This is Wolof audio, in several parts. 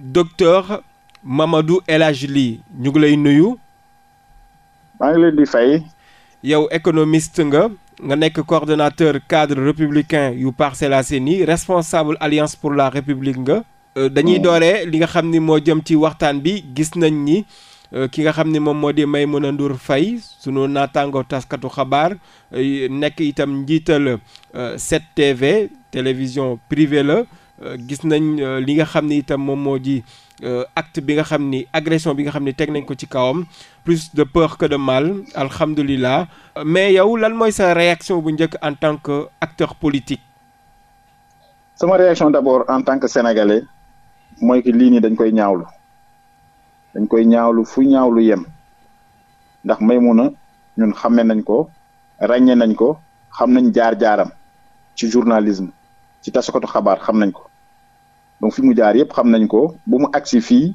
docteur Mamadou El Hadji Ly ñu ngi lay nuyu. maa ngi leen di fay. yow économiste nga nga nekk coordonnateur cadre républicain yu la Assainies responsable alliance pour la république nga. Euh, dañuy mm. dooree li nga xam ni moo jëm ci waxtaan bi gis nañ ni. Euh, ki nga xam ni moom moo di Maimouna Ndour Faye sunu naataango taskatu xabaar euh, nekk itam njiital 7TV télévision privée la Euh, gis nañ euh, li nga xam ni itam moom moo ji euh, acte bi nga xam ni agression bi nga xam ni teg nañ ko ci kawam plus de peur que de mal alhamdulilah mais yow lan mooy sa réaction bu njëkk en tant que acteur politique. sama réaction d'abord en tant que sénégalais mooy que lii nii dañ koy ñaawlu dañ koy ñaawlu fu ñaawlu yem ndax may Maimouna ñun xame nañ ko ràññee nañ ko xam nañ jaar-jaaram ci journalisme. ci tasakatu xabaar xam nañ ko donc fi mu jaar yëpp xam nañ ko ba mu agsi fii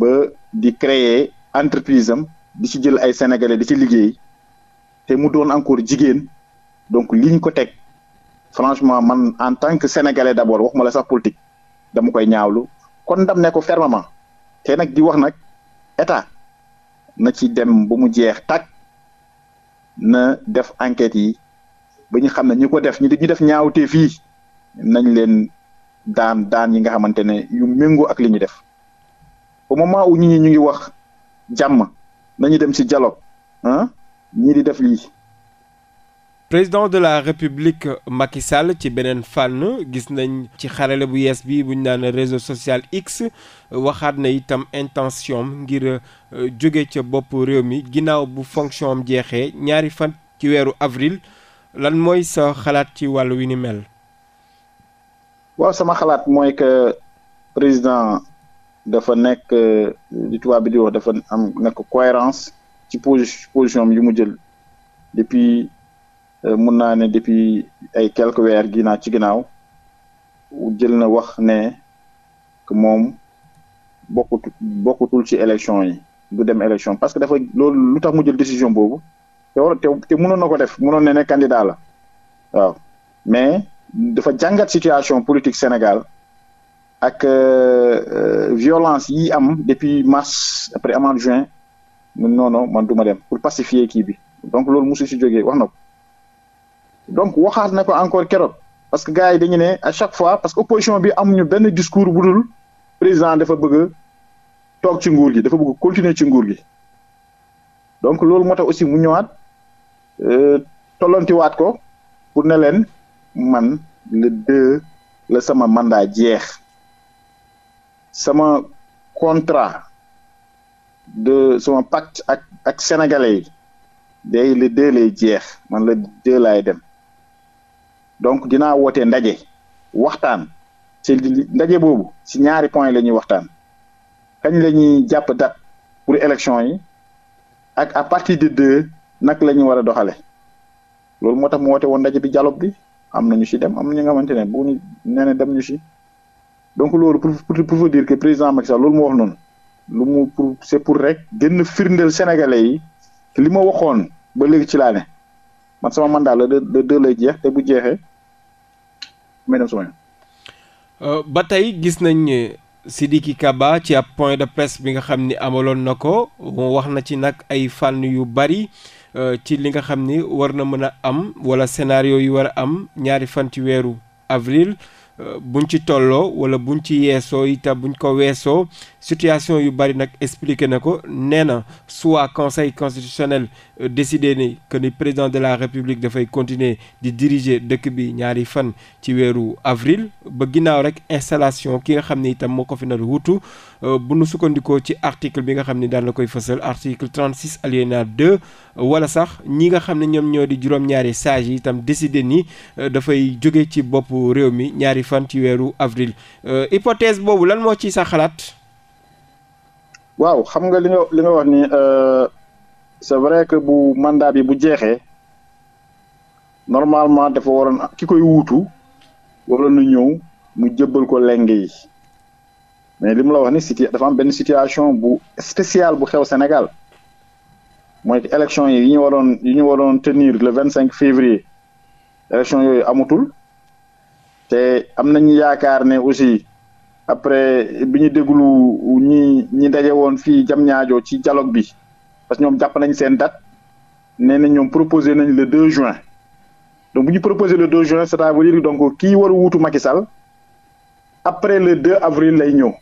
ba di créer entreprise am di ci jël ay sénégalais di ci liggéey te mu doon encore jigéen donc li ñu ko teg franchement man en tant que sénégalais d'abord waxuma la sax politique dama koy ñaawlu kon ndam ne ko fermement te nag di wax nag état na ci dem ba mu jeex takk na def enquête yi ba ñu xam ne ñu ko def ñu def ñaawte fii nañ leen daan daan yi nga xamante ne yu méngoo ak li ñu def au moment où ñi ñi ñu ngi wax jàmm nañu dem ci dialogue ah di def lii. président de la république Macky Sall ci beneen fànn gis nañ ci xarale bu yees bi bu ñu réseau social X waxaat na itam intention ngir euh, jóge ca bopp réew mi ginnaaw bu fonction am jeexee ñaari fan ci weeru avril lan mooy sa xalaat ci wàll wi ni mel. waaw sama xalaat mooy que président dafa nekk euh, li tubaab bi di dafa am nekk cohérence ci position am yu mu jël depuis euh, mun naa ne depuis ay quelques weer ginnaaw ci ginnaaw jël na wax ne que moom bokkutu bokkutul ci élection yi du dem élection parce que dafa loolu lu tax mu jël décision boobu te war te te mënoon na ko def mënoon na ne candidat la waaw mais dafa jàngat situation politique Sénégal ak euh, euh, violence yi am depuis mars après amant juin non non man du ma dem pour pacifier kii bi donc loolu mosu si jógee wax na ko donc waxaat na ko encore keroog parce que gars yi dañu ne à chaque fois parce que opposition bi amuñu benn discours bu président dafa bëgg toog ci nguur gi dafa bëgg continuer ci nguur gi donc loolu moo aussi mu ñëwaat euh, tollantiwaat ko pour ne leen man le deux la sama mandat jeex sama contrat de sama pacte ak ak sénégalais yi day le deux lay jeex man la deux laay dem donc dinaa woote ndaje waxtaan ci ndaje boobu ci ñaari point la ñuy waxtaan kañ la ñuy jàpp date pour élection yi ak à partir de deux nag la ñu war a doxale loolu moo tax mu woote woon ndaje bi dialogue bi am na ñu si dem am na ñu nga xamante ne bu ñu nee dem ñu si donc loolu pour pour vous diir que président Macky Sall loolu mu wax noonu lu mu pour c'est pour rek gën a firndeel sénégalais yi li ma waxoon ba léegi ci laa ne man sama mandat la de lay jeex te bu jeexee may dem sama yoon. Euh, ba tey gis nañ ne Sidiki Kaba ci ab point de presse bi nga xam ni amaloon na ko wax na ci nag ay fànn yu bari. Euh, ci li nga xam ni war na mën a am wala scénario yi war a am ñaari fan ci weeru avril euh, buñ ci tolloo wala buñ ci yeesoo itam buñ ko weesoo situation yu bari nag expliqué na ko nee na soit conseil constitutionnel Euh, décidé ni que ni président de la république dafay continuer di diriger dëkk bi ñaari fan ci weeru avril ba ginnaaw rek installation ki nga xam ni itam moo ko fi nar wutu euh, bu nu sukkandikoo ci article bi nga xam ni daal la koy fësal article 36 alinéa 2 wala sax ñi nga xam ne ñoom ñoo di juróom-ñaari sages yi itam décidé ni euh, dafay jóge ci bopp réew mi ñaari fan ci weeru avril hypothèse boobu lan moo ci sa xalaat waaw xam nga li nga li nga wax c'est vrai que bu mandat bi bu jeexee normalement dafa waroon ki koy wuutu wala nu ñëw mu jëbal ko leng yi mais li mu la wax ni dafa am benn situation bu spéciale bu xew Sénégal mooy que élection yi ñu waroon yi ñu waroon tenir le vingt cinq février élection yooyu amatul te am nañu yaakaar ne aussi après bi ñu déglu ñi ñi daje woon fii jam ñaajoo ci dialogue bi parce que ñoom jàpp nañ seen dat nee nañ ñoom proposé nañ le 2 juin donc ñu proposé le 2 juin c'est-à-dire donc kii wara wutu wuutu Macky Sall après le deux avril lay ñëw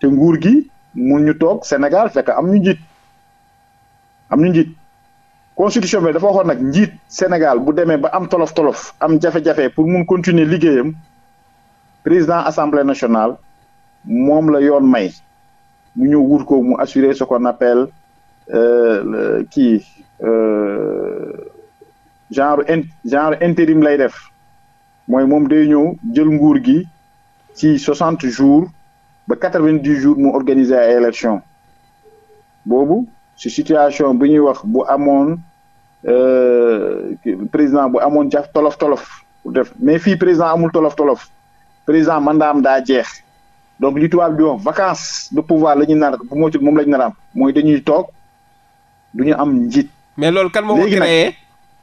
te nguur gi mu ñu toog Sénégal fekk am ñu njiit am ñu njiit constitution bi dafa waxoon nag njiit Sénégal bu demee ba am tolof tolof am jafe-jafe pour mun continuer liggéeyam président assemblée nationale moom la yoon may mu ñëw wut ko mu assurer ce qu'on Euh, kii euh, genre in genre intérim lay def mooy moom day ñëw jël nguur gi ci soixante jours ba quatre vingt dix jours mu organiser ay élection boobu si situation bi ñuy wax bu amoon euh, président bu amoon jaf tolof tolof def mais fii président amul tolof tolof président mandaam daa jeex donc li tubaab di wax vacance de pouvoir la ñu nar bu moytul moom lañ ñu naraam mooy dañuy toog du ñu am njiit. mais loolu kan moo ko créé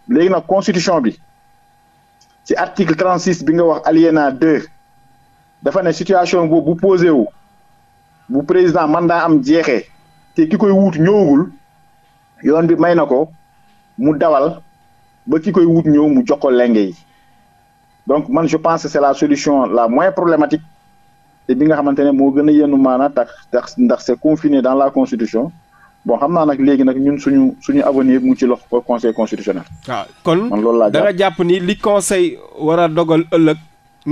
léegi nag constitution bi ci article trente six bi nga wax alinéa deux dafa ne situation boobu bu posé wu bu président mandat am jeexe te ki koy wuut ñëwagul yoon bi may na ko mu dawal ba ki koy wut ñëw mu jox ko lenge yi donc man je pense que la solution la moins problématique te bi nga xamante ne moo gën a yenu maana tax tax ndax c'est confiné dans la constitution bon xam naa nag léegi nag ñun suñu suñu avenir mu ci loxo conseil constitutionnel. waaw ah, kon man loolu laa da nga jàpp ni li conseil war a dogal ëllëg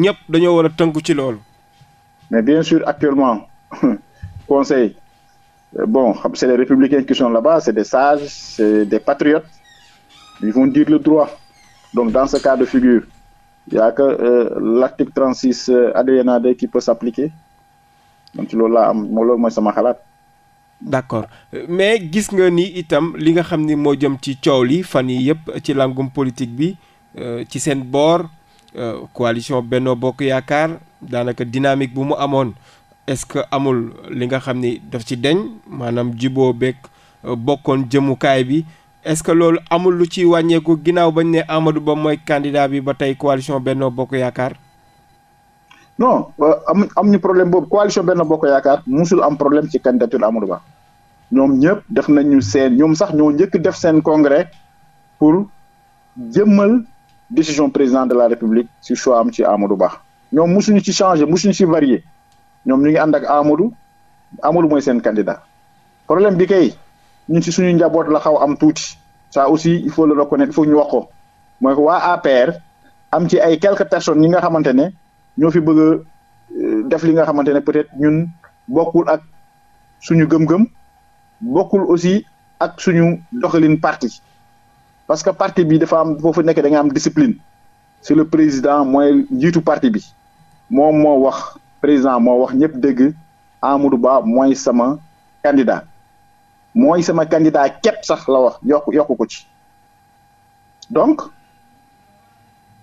ñëpp dañoo war a tënku ci loolu. mais bien sur actuellement conseil euh, bon xam c'est les républicains qui sont là c'est des sages c'est des patriotes ils vont dire le droit donc dans ce cas de figure il y a que euh, l'article 36 euh, alinéa qui peut s'appliquer donc ci loolu laa am loolu mooy sama xalaat. d' accord mais gis nga ni itam li nga xam ni moo jëm ci coow li fan yi yëpp ci langum politique bi euh, ci seen boor euh, coalition Benno Bokk Yaakaar daanaka dynamique bu mu amoon est ce que amul li nga xam ni daf ci deñ maanaam jiboo beeg euh, bokkoon jëmukaay bi est ce que loolu amul lu ci wàññeeku ginnaaw bañ ne Amadou Ba mooy candidat bi ba tey coalition Benno Bokk Yaakaar. no am am ñu problème boobu coalition Benno Bokk Yaakaar musul am problème ci candidature Amadou Ba. ñoom ñëpp def nañu seen ñoom sax ñoo njëkk def seen congrès pour jëmmal décision président de la république ci choix am ci Amadou Ba ñoom musuñu ci changer musuñu ci varier ñoom ñu ngi ànd ak Amadou Amadou mooy seen candidat problème bi kay ñu ci suñu njaboot la xaw am tuuti ça aussi il faut le reconnaître il faut ñu wax ko mooy ko waa APR am ci ay quelques personnes ñi nga xamante ne ñoo fi bëgg a euh, def li nga xamante ne peut-être ñun bokkul ak suñu gëm-gëm bokkul aussi ak suñu doxalin parti parce que parti bi dafa am foofu nekk da nga am discipline si le président mooy njiitu parti bi moom moo wax président moo wax ñëpp dégg Amadou Ba mooy sama candidat mooy sama candidat képp sax la wax yokk yokku ko ci donc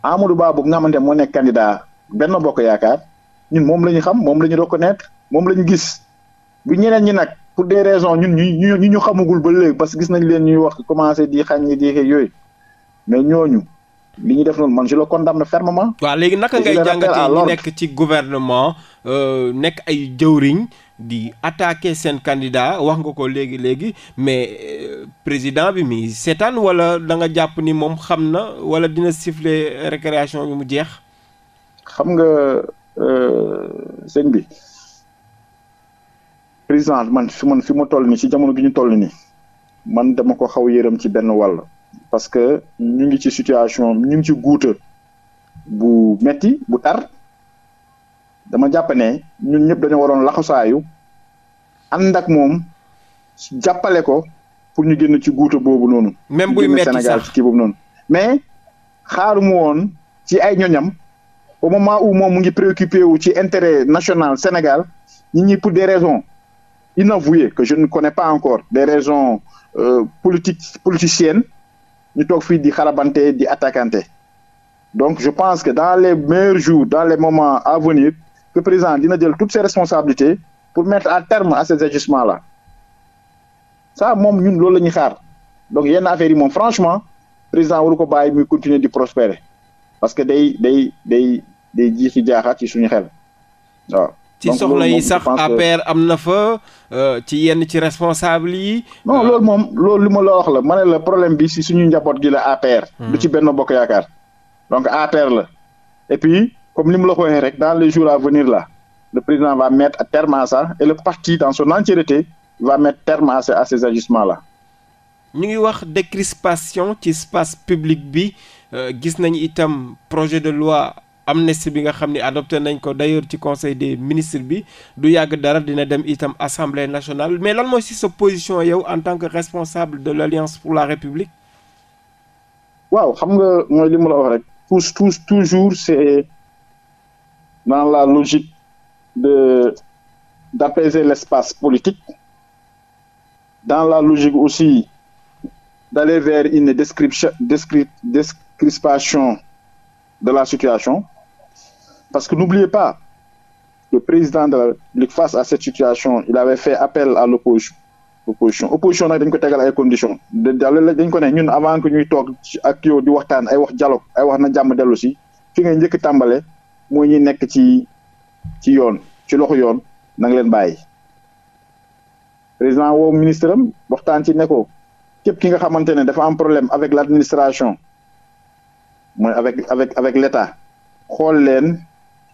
Amadou Ba boobu nga xamante ne moo nekk candidat Benno Bokk Yaakaar ñun moom la xam moom lañu ñu reconnaître moom la ñu gis bu ñeneen ñi nag pour des raisons ñun ñu ñu ñu xamagul ba léegi parce que gis nañ leen ñuy wax commencé di xañ ñi di yooyu mais ñooñu li ñu def noonu man je le condamne fermement. waa léegi naka ngay jàngatee ñi nekk ci gouvernement euh, nekk ay jëwriñ di attaquer seen candidat wax nga ko léegi léegi mais euh, président bi mi seetaan wala danga jàpp ni moom xam na wala dina siffler récréation bi mu jeex. xam nga euh, sëñ bi. président man fi man fi mu toll nii ci jamono gi ñu toll nii man dama ko xaw yërëm ci benn wàll parce que ñu ngi ci situation ñu ngi ci guuta bu metti bu tar dama jàpp ne ñun ñëpp dañoo waroon laxasaayu ànd ak moom jàppale ko pour ñu génn ci guuta boobu noonu. même buy metti Sénégal ci kii noonu. mais xaaruma woon ci ay ñooñam au moment où moom mu ngi préoccupé wu ci intérêt national Sénégal ñi ñi pour des inavouées que je ne connais pas encore des raisons euh, politiques politiciennes ñu toog fii di xarabante di attaquante donc je pense que dans les meilleurs jours dans les moments à venir que président dina jël toutes ses responsabilités pour mettre à terme à ces agissements là ça moom ñun loolu la ñuy xaar donc yenn affaires yi moom franchement président waru ko bàyyi muy continuer di prospérer parce que day day day day jiixi jaaxa ci suñu xel ci soxla yi sax APR am na fa euh, ci yenn ci responsable yi. non euh, loolu moom loolu lu ma la wax la ma ne la problème bi si suñuy njaboot gi la APR. Hmm. du ci benn bokk yaakaar donc APR la et puis comme ni mu la ko rek dans les jours à venir la le président va mettre terme à ça et le parti dans son entièreté va mettre terme à ces à ces agissements là. ñu ngi wax décrispation ci space public bi euh, gis nañu itam projet de loi. am amnistie bi nga xam ne adopté nañ ko d'ailleurs ci conseil des ministre bi du yàgg dara dina dem itam assemblée nationale mais lan mooy si sa position yow en tant que responsable de l'alliance pour la république waaw xam nga mooy li mu la wax rek tous tous toujours c'est dans la logique de d'apaiser l'espace politique dans la logique aussi d'aller vers une description descri, descrispation de la situation Parce que n'oubliez pas, le président de la République, face à cette situation, il avait fait appel à l'opposition. opposition dañ ko tegal ay conditions dañ ko ne ñun avant que ñuy toog ak yow di waxtaan ay wax dialogue ay wax na jàmm dellu si ngay njëkk tàmbale mooy ñuy nekk ci ci yoon ci loxo yoon na nga leen bàyyi président woo ministre am waxtaan ci ne ko képp ki nga xamante ne dafa am problème avec l'administration mooy avec avec avec l'État xool leen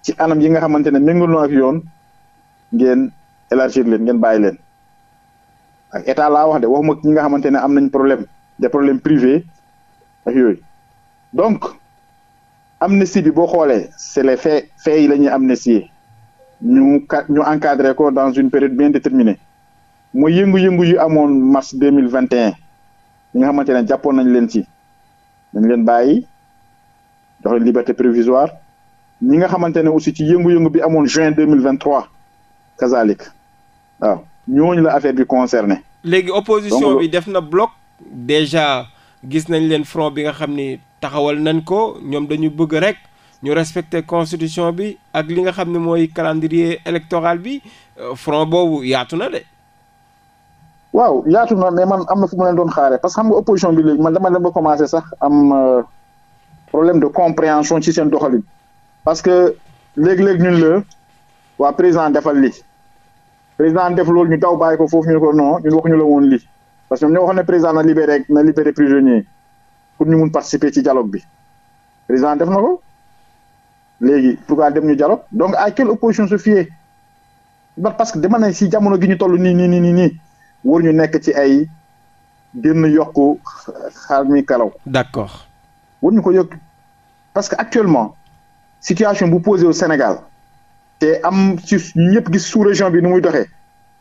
ci anam yi nga xamante ne méngul na yoon ngeen élargir leen ngeen bàyyi leen ak état la wax de waxuma ñi nga xamante ne am nañ problème des problèmes privés ak yooyu donc amnistie bi boo xoolee c'est les faits faits yi la ñuy ñu ka ñu encadré ko dans une période bien déterminée mooy yëngu-yëngu yu amoon mars deux mille vingt et un nga xamante ne jàppoon nañ leen ci dañ leen bàyyi jox leen liberté provisoire ñi nga xamante ne aussi ci yëngu-yëngu bi amoon juin deux mille vingt trois kazalik waaw ñooñu la affaire bi concerné. léegi opposition bi def na bloc déjà gis nañ leen front bi nga xam ni taxawal nañ ko ñoom dañu bëgg rek ñu respecter constitution bi ak li nga xam ne mooy calendrier électoral bi euh, front boobu yaatu na de. waaw yaatu na mais man am na fu ma leen doon xaaree parce que xam nga opposition bi léegi man dama dem ba commencé sax am euh, problème de compréhension ci seen doxalin. parce que léegi léeg ñun la waa président defal lii président def loolu ñu daw bàyyi ko foofu ñu ne ko non ñun waxuñu la woon lii parce que ñoom ñoo waxoon ne président na libéré na libéré prisonnier pour ñu mun participer ci dialogue bi président def na ko léegi pourquoi dem ñu dialogue donc à quelle opposition se fier parce que dama ne si jamono gi ñu toll nii nii nii nii war ñu nekk ci ay gën yokk xar mi kalaw. d'accord war ñu ko yokk parce que actuellement. situation bu posé wu Sénégal te am ci ñëpp gis sous région bi nu muy doxee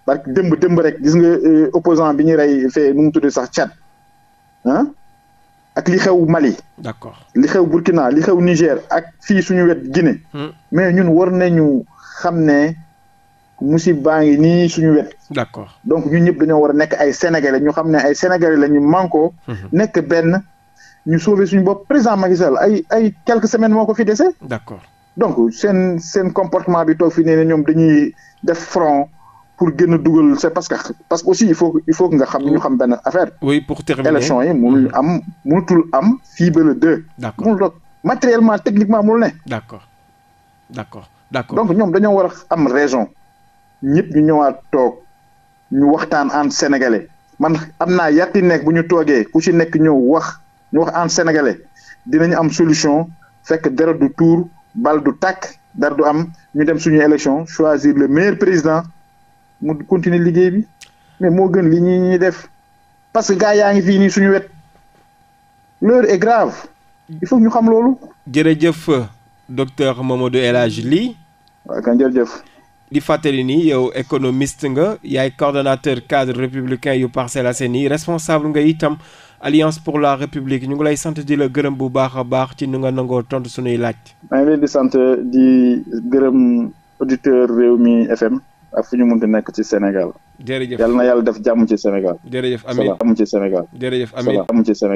par que dëmb dëmb rek gis nga euh, opposant bi ñu rey fee nu mu tudd sax Tchad ah, ak li xew Mali. d'accord li xew Burkina li xew Niger ak fii suñu wet Guinée. Hmm. mais ñun war ñu xam ne musiba ngi nii suñu wet. d'accord donc ñu ñëpp dañoo war a nekk ay sénégalais ñu xam ne ay sénégalais la ñu manko. Hmm. nekk benn. ñu sauver suñu bopp président Macky Sall ay ay quelques semaines moo ko fi dese. d'accord donc seen seen comportement bi toog fii nee na ñoom dañuy def front. pour gën a dugal c'est parce que parce que aussi il faut il faut que nga xam ñu xam benn affaire. oui pour terminer élection yi mënuñu mhm. am mënutul am fii ba le deux. d'accord mënul matériellement techniquement mënul ne. d'accord d'accord d'accord donc ñoom dañoo war a am raison ñëpp ñu ñëwaat toog ñu waxtaan en sénégalais man am naa yàtti nekk bu ñu toogee ku ci nekk ñëw wax. ñu wax en sénégalais dinañu am solution fekk dara du tour bal du tàkk dara du am ñu dem suñu élection choisir le meilleur président mu continuer liggéey bi mais moo gën li ñu ñuy def parce que gars yaa ngi fii nii suñu wet l'heure est grave il faut ñu xam loolu. jërëjëf docteur Mamadou El Hadj Ly. waaw kan di fàttali nii yow économiste nga yaay coordonnateur cadre républicain yu Parcelles Assainies responsable nga itam. alliance pour la république ñu ngi lay sant di la gërëm bu baax a baax ci nu nga nangoo tontu suñuy laaj. maa ngi leen di sant di gërëm auditeur réew mi FM ak fu ñu mënti nekk ci Sénégal. jërëjëf yal na yàlla def jàmm ci Sénégal. jërëjëf amiin salaam jàmm ci Sénégal. jërëjëf amiin salaam jàmm ci Sénégal.